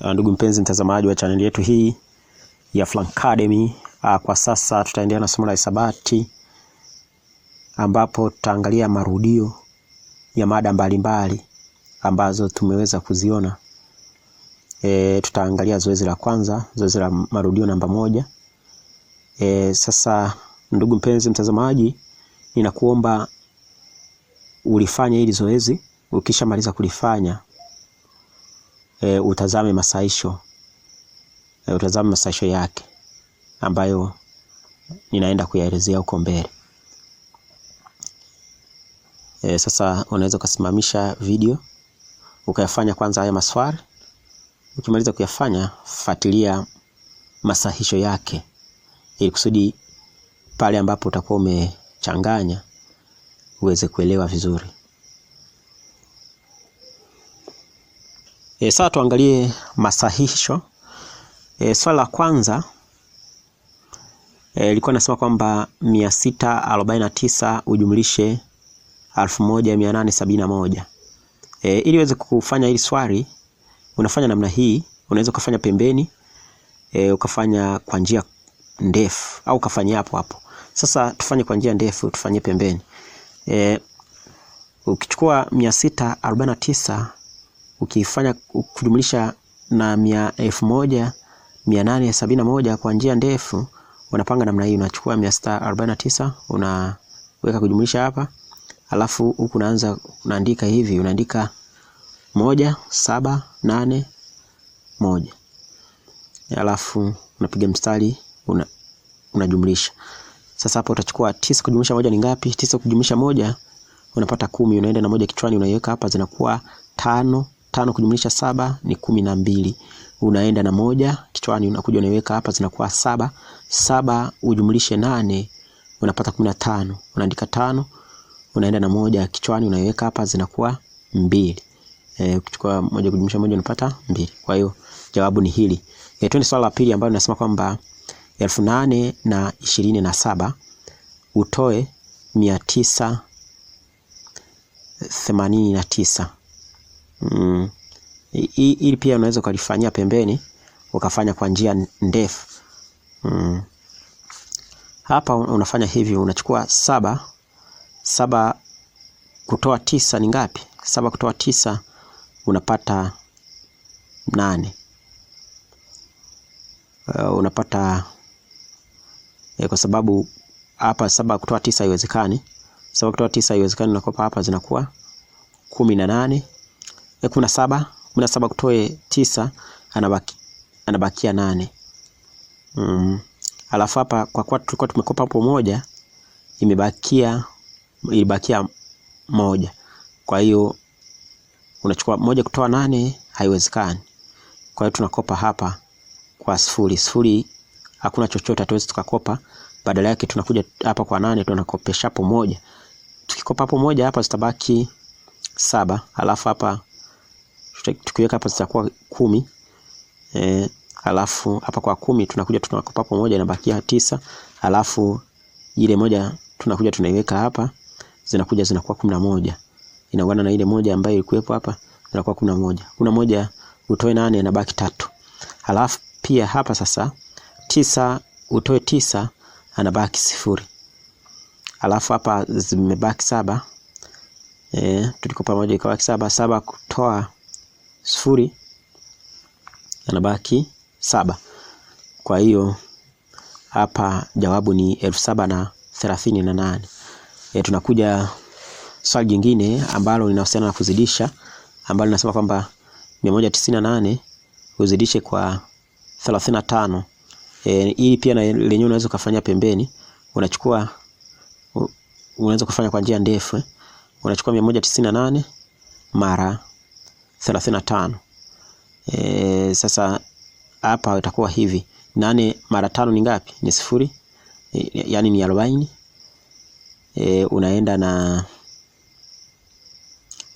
Uh, ndugu mpenzi mtazamaji wa chaneli yetu hii ya Francademy. Uh, kwa sasa tutaendelea na somo la hisabati ambapo tutaangalia marudio ya mada mbalimbali ambazo tumeweza kuziona. E, tutaangalia zoezi la kwanza, zoezi la marudio namba moja. E, sasa ndugu mpenzi mtazamaji, ninakuomba ulifanya hili zoezi, ukishamaliza kulifanya e, utazame masaisho e, utazame masaisho yake ambayo ninaenda kuyaelezea huko mbele. E, sasa unaweza ukasimamisha video ukayafanya kwanza haya maswali. Ukimaliza kuyafanya, fuatilia masahisho yake ili kusudi pale ambapo utakuwa umechanganya uweze kuelewa vizuri. E, eh, sasa tuangalie masahihisho. E, swala la kwanza eh, ilikuwa e, inasema kwamba 649 ujumlishe 1871. E, ili uweze kufanya hili swali unafanya namna hii, unaweza ukafanya pembeni e, ukafanya kwa njia ndefu au ukafanya hapo hapo. Sasa tufanye kwa njia ndefu, tufanye pembeni e, ukichukua 649 ukifanya kujumlisha na mia elfu moja mia nane sabini na moja kwa njia ndefu, unapanga namna hii, unachukua mia sita arobaini na tisa unaweka kujumlisha hapa, alafu huku unaanza unaandika hivi, unaandika moja saba nane moja alafu unapiga mstari una, unajumlisha. Sasa hapo utachukua tisa kujumlisha moja ni ngapi? Tisa kujumlisha moja unapata kumi, unaenda na moja kichwani, unaiweka hapa, zinakuwa tano tano kujumlisha saba ni kumi na mbili. Unaenda na moja kichwani, unakuja unaiweka hapa, zinakuwa saba saba, ujumlishe nane, unapata kumi na tano. Unaandika tano, unaenda na moja kichwani, unaiweka hapa, zinakuwa mbili. E, kuchukua moja kujumlisha moja unapata mbili. Kwa hiyo jawabu ni hili. E, twende swala la pili ambalo linasema kwamba elfu nane na ishirini na saba utoe mia tisa themanini na tisa mm, ili pia unaweza ukalifanyia pembeni ukafanya kwa njia ndefu mm. Hapa unafanya hivi, unachukua saba saba kutoa tisa ni ngapi? Saba kutoa tisa unapata nane. Uh, unapata eh, kwa sababu hapa saba kutoa tisa haiwezekani. Saba kutoa tisa haiwezekani, unakopa hapa zinakuwa kumi na nane kumi na saba kumi na saba kutoe tisa anabaki anabakia nane. Mm. Alafu hapa kwa kuwa tulikuwa tumekopa hapo moja imebakia ilibakia moja, kwa hiyo unachukua moja kutoa nane haiwezekani. Kwa hiyo tunakopa hapa kwa sifuri sifuri, hakuna chochote hatuwezi tukakopa. Badala yake tunakuja hapa kwa nane tunakopesha hapo moja. Tukikopa hapo moja hapa zitabaki saba, alafu hapa tukiweka hapa zitakuwa kumi e, alafu hapa kwa kumi tunakuja tunakopa pamoja inabakia tisa, alafu ile moja tunakuja tunaiweka hapa, zinakuja zinakuwa kumi na moja inaungana na ile moja ambayo ilikuwepo hapa, inakuwa kumi na moja kumi na moja utoe nane inabaki tatu. Alafu pia hapa sasa tisa utoe tisa anabaki sifuri. Alafu hapa zimebaki saba e, eh, tuliko pamoja ikabaki saba. Saba kutoa sifuri, yanabaki saba. Kwa hiyo hapa jawabu ni elfu saba na thelathini na nane. E, tunakuja swali jingine ambalo linahusiana na kuzidisha ambalo linasema kwamba mia moja tisini na nane uzidishe kwa thelathini tano E, ili pia lenyewe unaweza ukafanya pembeni, unachukua unaweza kufanya kwa njia ndefu. Unachukua mia moja tisini na nane mara 35. E, sasa hapa itakuwa hivi nane mara tano ni ngapi? Ni sifuri e, yani ni arobaini. E, unaenda na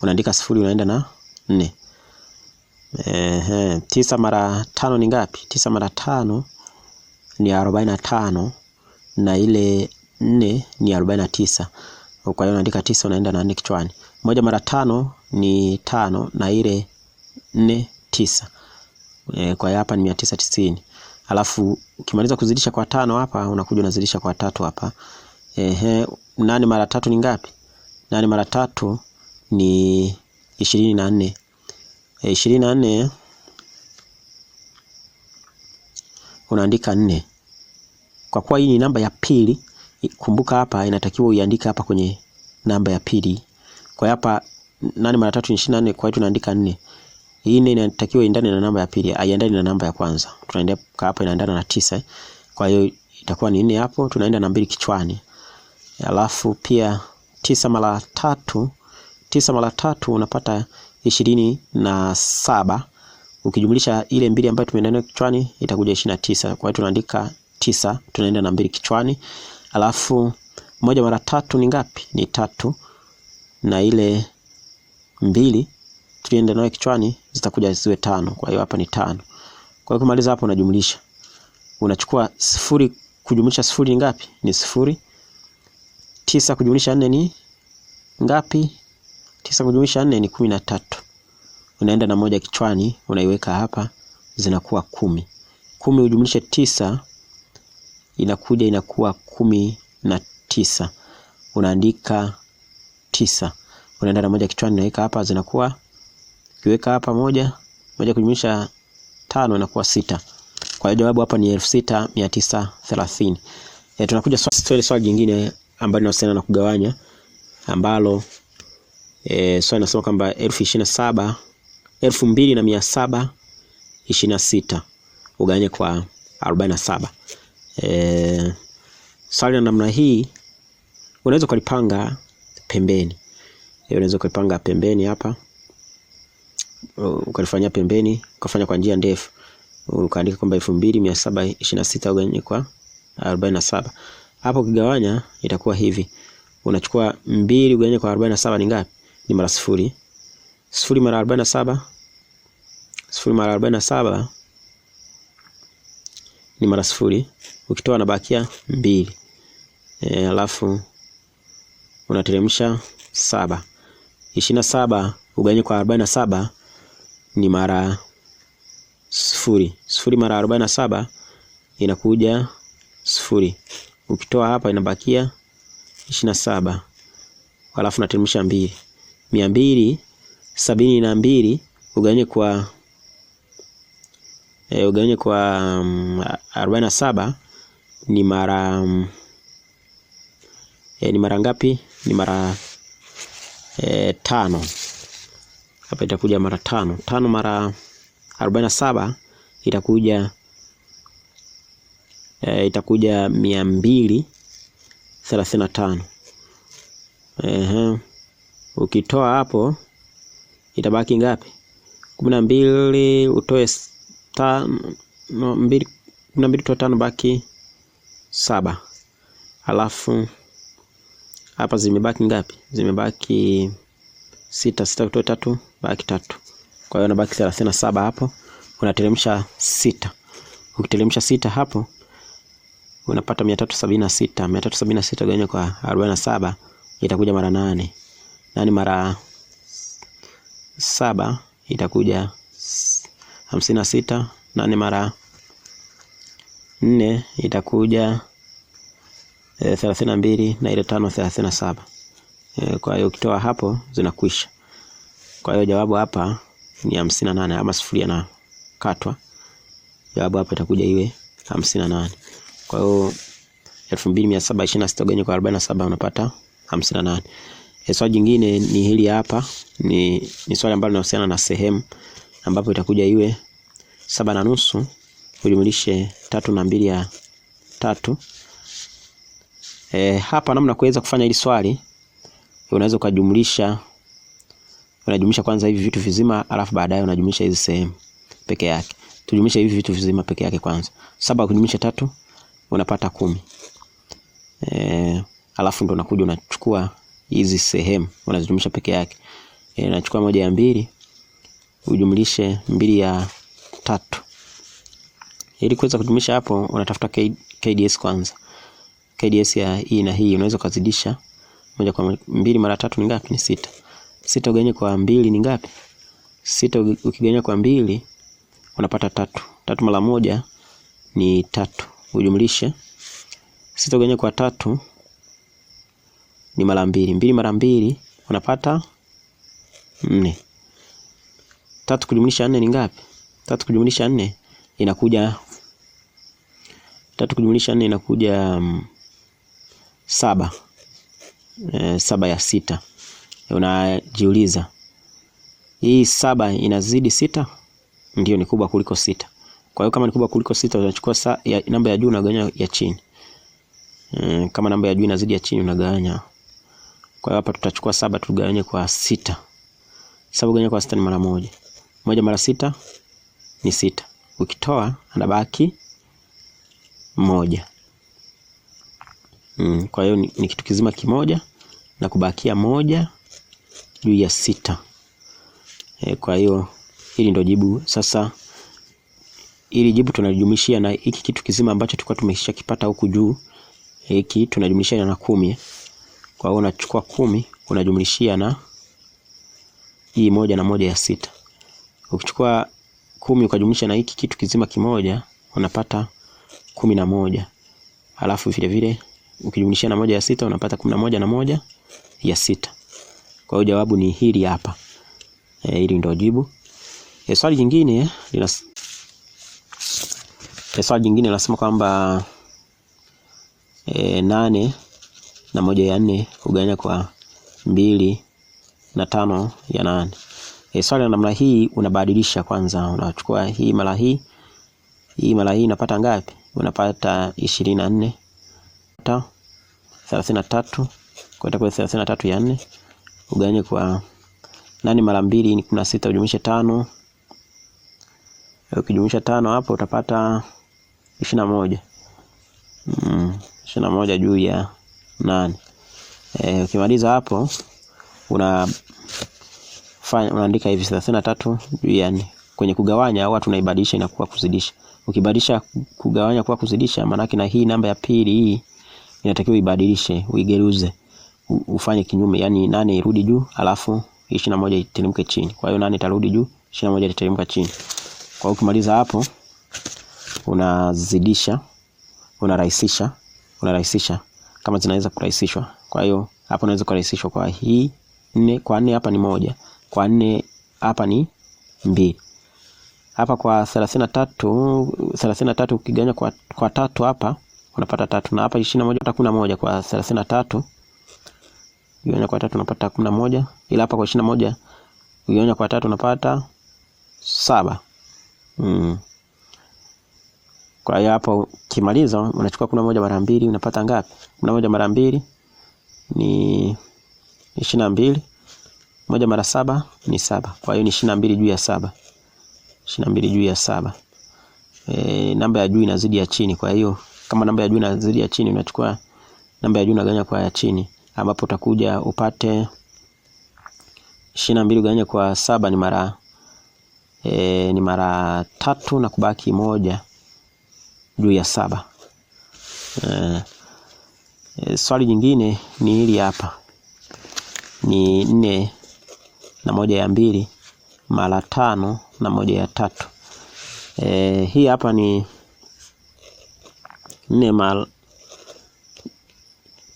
unaandika sifuri unaenda na nne. Ehe, tisa mara tano ni ngapi? Tisa mara tano ni arobaini na tano na ile nne ni arobaini na tisa. Kwa hiyo unaandika tisa unaenda na nne kichwani. Moja mara tano ni tano na ile nne tisa e, kwa hapa ni mia tisa tisini alafu ukimaliza kuzidisha kwa tano hapa unakuja unazidisha kwa tatu hapa ehe, nane mara tatu ni ngapi? Nane mara tatu ni ishirini na nne e, ishirini na nne unaandika nne kwa kuwa hii ni namba ya pili. Kumbuka hapa inatakiwa uiandike hapa kwenye namba ya pili, kwa hapa nane mara tatu ishirini na nne. Kwa hiyo tunaandika nne. Hii nne inatakiwa iendane na namba ya pili, haiendani na namba ya kwanza. Tunaandika hapo inaendana na tisa, kwa hiyo itakuwa ni nne hapo. Tunaenda na mbili kichwani, alafu pia tisa mara tatu, tisa mara tatu unapata ishirini na saba ukijumlisha ile mbili ambayo tumeenda nayo kichwani itakuja ishirini na tisa. Kwa hiyo tunaandika tisa, tunaenda na mbili kichwani, alafu moja mara tatu ni ngapi? Ni tatu na ile mbili tulienda nayo kichwani zitakuja ziwe tano. Kwa hiyo hapa ni tano. Kwa hiyo kumaliza hapo unajumlisha. Unachukua sifuri kujumlisha sifuri ni ngapi? Ni sifuri. Tisa kujumlisha nne ni ngapi? Tisa kujumlisha nne ni kumi na tatu. Unaenda na moja kichwani unaiweka hapa zinakuwa kumi. Kumi ujumlishe tisa inakuja inakuwa kumi na tisa. Unaandika tisa unaenda na moja kichwani, naweka hapa, zinakuwa ukiweka hapa moja moja kujumlisha tano inakuwa sita. Kwa hiyo jawabu hapa ni elfu sita mia tisa thelathini. E, tunakuja swali swali jingine ambalo linahusiana na kugawanya ambalo e, swali linasema kwamba elfu ishirini na saba elfu mbili na mia saba ishirini na sita ugawanye kwa arobaini na saba. E, swali la namna hii unaweza ukalipanga pembeni hiyo unaweza kuipanga pembeni hapa, ukalifanyia pembeni, ukafanya kwa njia ndefu, ukaandika kwamba elfu mbili mia saba ugawanye kwa 47. na Hapo ukigawanya itakuwa hivi, unachukua 2 ugawanye kwa 47 ni ngapi? Ni mara 0. 0 mara 47, na mara ni mara 0, ukitoa nabakia 2. E, alafu unateremsha saba 27 ugawanye kwa 47 ni mara sifuri. Sifuri mara 47 inakuja sifuri. Ukitoa hapa inabakia 27. alafu nateremsha mbili. Mia mbili sabini na mbili ugawanye kwa e, ugawanye kwa um, mm, 47 ni mara um, e, ni mara ngapi? Ni mara e, tano hapa itakuja mara tano tano mara arobaini na saba itakuja e, itakuja mia mbili thelathini na tano. Ehe, ukitoa hapo itabaki ngapi? kumi na mbili utoe tano mbili kumi na mbili utoe tano baki saba alafu hapa zimebaki ngapi? Zimebaki sita, sita kutoa tatu, baki tatu. Kwa hiyo nabaki thelathini na saba hapo. Unateremsha sita. Ukiteremsha sita hapo unapata mia tatu sabini na sita. Mia tatu sabini na sita kwa arobaini na saba itakuja mara nane. Nane mara saba itakuja hamsini na sita. Nane mara nne itakuja e, eh, 32 na ile tano 37. E, eh, kwa hiyo ukitoa hapo zinakwisha. Kwa hiyo jawabu hapa ni 58 ama sifuri na katwa. Jawabu hapa itakuja iwe 58. Kwa hiyo 2726 gawanywa kwa 47 unapata 58. E, eh, swali jingine ni hili hapa ni, ni swali ambalo linahusiana na sehemu ambapo itakuja iwe saba na nusu ujumlishe tatu na mbili ya tatu E, hapa namna kuweza kufanya hili swali unaweza ukajumlisha, unajumlisha kwanza hivi vitu vizima alafu baadaye unajumlisha hizi sehemu peke yake. Tujumlisha hivi vitu vizima peke yake kwanza. Saba kujumlisha tatu unapata kumi. E, alafu ndo unakuja unachukua hizi sehemu unazijumlisha peke yake. E, eh, unachukua moja ya mbili ujumlishe mbili ya tatu. Ili kuweza kujumlisha hapo unatafuta KDS kwanza. KDS ya hii na hii unaweza kuzidisha moja kwa mbili mara tatu ni ngapi? Ni sita. Sita ugawanye kwa mbili ni ngapi? Sita ukigawanya kwa mbili unapata tatu. Tatu mara moja ni tatu. Ujumlishe sita ugawanye kwa tatu ni mara mbili. Mbili mara mbili unapata nne. Tatu kujumlisha nne ni ngapi? Tatu kujumlisha nne inakuja tatu kujumlisha nne inakuja um, saba e, saba ya sita. Unajiuliza, hii saba inazidi sita? Ndio, ni kubwa kuliko sita. Kwa hiyo kama ni kubwa kuliko sita unachukua namba ya juu unagawanya ya chini e, kama namba ya juu inazidi ya chini unagawanya. Kwa hiyo hapa tutachukua saba tugawanye kwa sita. Saba gawanya kwa sita ni mara moja. Moja mara sita ni sita, ukitoa anabaki moja. Mm, kwa hiyo ni, ni kitu kizima kimoja na kubakia moja juu ya sita. E, kwa hiyo hili ndio jibu sasa. ili jibu tunalijumlishia na hiki kitu kizima ambacho tulikuwa kipata huku juu, hiki tunajumlishia na kumi. Kwa hiyo unachukua kumi unajumlishia na hii moja na moja ya sita. Ukichukua kumi ukajumlisha na hiki kitu kizima kimoja unapata kumi na moja, alafu vile vile ukijumlisha na moja ya sita unapata kumi na moja na moja ya sita. Kwa hiyo jawabu ni hili hapa. E, hili ndio jibu. E, swali jingine lina e, swali jingine linasema kwamba e, nane na moja ya nne kugawanya kwa mbili na tano ya nane. E, swali la namna hii unabadilisha kwanza, unachukua hii mara hii hii mara hii unapata ngapi? Unapata ishirini na nne thelathini na tatu kwenda kwenye thelathini ya nne ugawanye kwa nane mara mbili ni kumi na sita ujumlishe tano. Ukijumlisha tano hapo utapata ishirini na moja mm, ishirini na moja juu ya nane. E, ukimaliza hapo una fanya unaandika hivi thelathini na tatu juu ya nne kwenye kugawanya au tunaibadilisha inakuwa kuzidisha. Ukibadilisha kugawanya kuwa kuzidisha, maanake na hii namba ya pili hii inatakiwa ibadilishe, uigeruze, ufanye kinyume, yani nane irudi juu alafu ishirini na moja iteremke chini. Kwa hiyo nane itarudi juu, ishirini na moja itateremka chini. Kwa hiyo ukimaliza hapo unazidisha, unarahisisha, unarahisisha kama zinaweza kurahisishwa. Kwa hiyo hapo unaweza kurahisishwa kwa hii nne, kwa nne hapa ni moja, kwa nne hapa ni mbili hapa kwa thelathini na tatu thelathini na tatu ukiganya kwa, kwa tatu hapa unapata tatu, na hapa ishirini na moja unapata kumi na moja kwa thelathini na tatu ukigawanya kwa tatu unapata kumi na moja ila hapa kwa ishirini na moja ukigawanya kwa tatu unapata saba. Mm. Kwa hiyo hapo kimaliza unachukua kumi na moja mara mbili unapata ngapi? Kumi na moja mara mbili ni ishirini na mbili moja mara saba ni saba. Kwa hiyo ni ishirini na mbili juu ya saba, ishirini na mbili juu ya saba. E, namba ya juu inazidi ya chini, kwa hiyo kama namba ya juu inazidi ya chini, unachukua namba ya juu unagawanya kwa ya chini, ambapo utakuja upate ishirini na mbili ugawanya kwa saba ni mara e, ni mara tatu na kubaki moja juu ya saba. E, e, swali jingine ni hili hapa, ni nne na moja ya mbili mara tano na moja ya tatu. E, hii hapa ni nne mara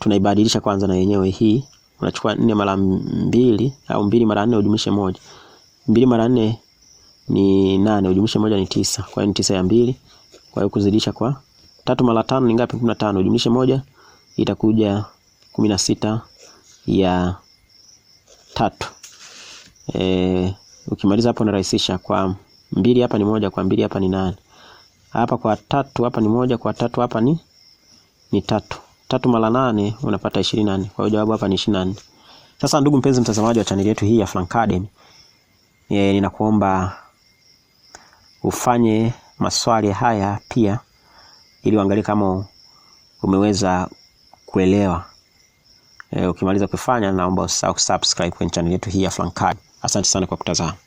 tunaibadilisha kwanza na yenyewe hii, unachukua nne mara mbili au mbili mara nne ujumlishe moja. Mbili mara nne ni nane, ujumlishe moja ni tisa, kwa hiyo ni tisa ya mbili. Kwa hiyo kuzidisha kwa tatu mara tano ni ngapi? kumi na tano, ujumlishe moja itakuja kumi na sita ya tatu. E, ukimaliza hapo unarahisisha. Kwa mbili hapa ni moja, kwa mbili hapa ni nane hapa kwa tatu, hapa ni moja kwa tatu, hapa ni ni tatu. Tatu mara nane unapata 24. Kwa hiyo jawabu hapa ni 24. Sasa ndugu mpenzi mtazamaji wa chaneli yetu hii ya Francademy, e, ninakuomba ufanye maswali haya pia ili uangalie kama umeweza kuelewa. E, ukimaliza kufanya naomba usahau kusubscribe kwenye chaneli yetu hii ya Francademy. Asante sana kwa kutazama.